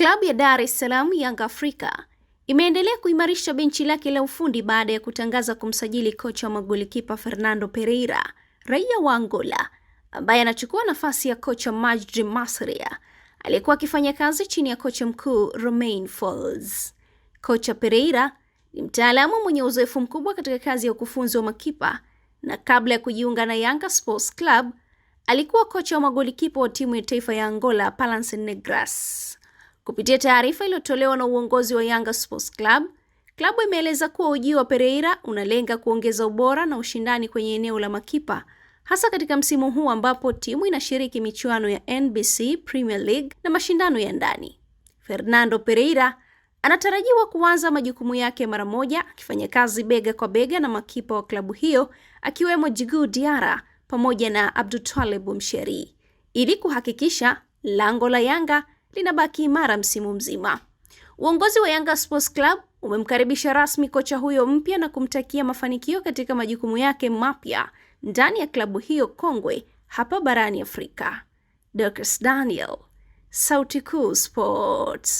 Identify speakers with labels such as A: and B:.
A: Klabu ya Dar es Salaam Young Africa imeendelea kuimarisha benchi lake la ufundi baada ya kutangaza kumsajili kocha wa magolikipa Fernando Pereira, raia wa Angola, ambaye anachukua nafasi ya kocha Majdi Masria aliyekuwa akifanya kazi chini ya kocha mkuu Romain Folz. Kocha Pereira ni mtaalamu mwenye uzoefu mkubwa katika kazi ya ukufunzi wa makipa na kabla ya kujiunga na Yanga Sports Club alikuwa kocha wa magolikipa wa timu ya taifa ya Angola Palancen Negras. Kupitia taarifa iliyotolewa na uongozi wa Yanga Sports Club, klabu imeeleza kuwa ujio wa Pereira unalenga kuongeza ubora na ushindani kwenye eneo la makipa hasa katika msimu huu ambapo timu inashiriki michuano ya NBC Premier League na mashindano ya ndani. Fernando Pereira anatarajiwa kuanza majukumu yake mara moja akifanya kazi bega kwa bega na makipa wa klabu hiyo akiwemo Djigui Diarra pamoja na Abdultawab Msheri ili kuhakikisha lango la Yanga linabaki imara msimu mzima. Uongozi wa Yanga Sports Club umemkaribisha rasmi kocha huyo mpya na kumtakia mafanikio katika majukumu yake mapya ndani ya klabu hiyo kongwe hapa barani Afrika. Dorcas Daniel, Sauti Kuu Sports.